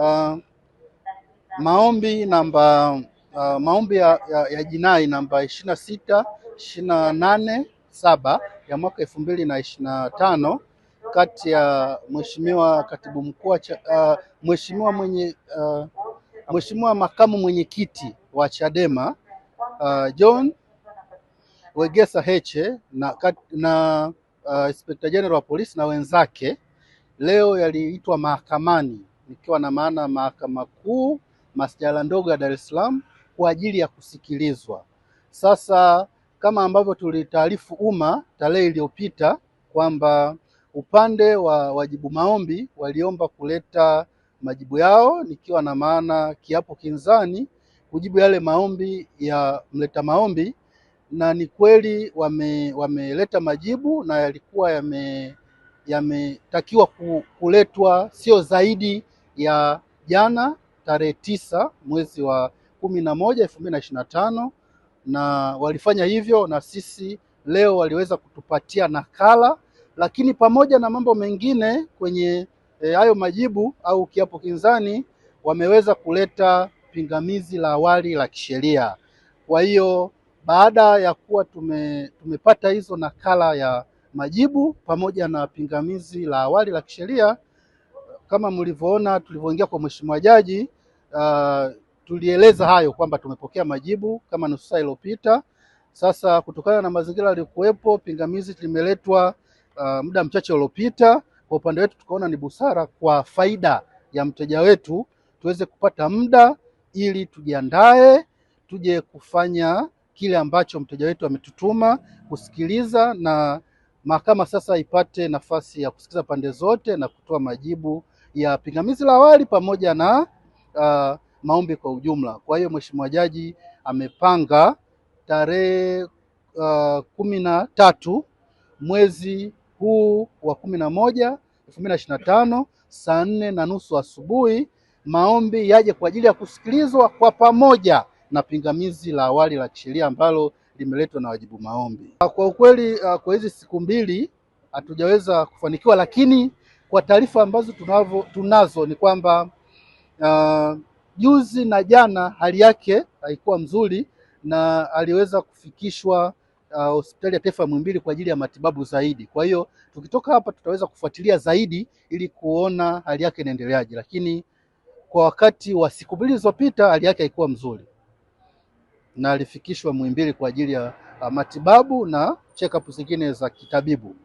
Uh, maombi namba uh, maombi ya, ya, ya jinai namba ishirini na sita ishirini na nane saba ya mwaka elfu mbili na ishirini na tano kati ya mheshimiwa katibu mkuu uh, mheshimiwa mwenye uh, mheshimiwa makamu mwenyekiti wa Chadema uh, John Wegesa Heche na, kat, na uh, Inspector General wa polisi na wenzake leo yaliitwa mahakamani nikiwa na maana mahakama kuu, masjala ndogo ya Dar es Salaam kwa ajili ya kusikilizwa. Sasa kama ambavyo tulitaarifu umma tarehe iliyopita kwamba upande wa wajibu maombi waliomba kuleta majibu yao, nikiwa na maana kiapo kinzani kujibu yale maombi ya mleta maombi, na ni kweli wame wameleta majibu na yalikuwa yame yametakiwa kuletwa sio zaidi ya jana tarehe tisa mwezi wa kumi na moja elfu mbili na ishirini na tano na walifanya hivyo na sisi leo waliweza kutupatia nakala, lakini pamoja na mambo mengine kwenye eh, hayo e, majibu au kiapo kinzani wameweza kuleta pingamizi la awali la kisheria. Kwa hiyo baada ya kuwa tume, tumepata hizo nakala ya majibu pamoja na pingamizi la awali la kisheria kama mlivyoona tulivyoingia kwa mheshimiwa jaji uh, tulieleza hayo kwamba tumepokea majibu kama nusu saa iliyopita. Sasa kutokana na mazingira yaliyokuwepo, pingamizi limeletwa uh, muda mchache uliopita. Kwa upande wetu tukaona ni busara kwa faida ya mteja wetu tuweze kupata muda ili tujiandae, tuje kufanya kile ambacho mteja wetu ametutuma kusikiliza, na mahakama sasa ipate nafasi ya kusikiliza pande zote na kutoa majibu ya pingamizi la awali pamoja na uh, maombi kwa ujumla. Kwa hiyo mheshimiwa jaji amepanga tarehe uh, kumi na tatu mwezi huu wa kumi na moja elfu mbili na ishirini na tano saa nne na nusu asubuhi maombi yaje kwa ajili ya kusikilizwa kwa pamoja na pingamizi la awali la kisheria ambalo limeletwa na wajibu maombi. Kwa ukweli, uh, kwa hizi siku mbili hatujaweza kufanikiwa, lakini kwa taarifa ambazo tunavo, tunazo ni kwamba uh, juzi na jana hali yake haikuwa mzuri na aliweza kufikishwa ah, hospitali uh, ya taifa ya Muhimbili kwa ajili ya matibabu zaidi. Kwa hiyo tukitoka hapa tutaweza kufuatilia zaidi ili kuona hali yake inaendeleaje, lakini kwa wakati wa siku mbili zilizopita hali yake haikuwa mzuri na alifikishwa Muhimbili kwa ajili ya ah, matibabu na check-up zingine za kitabibu.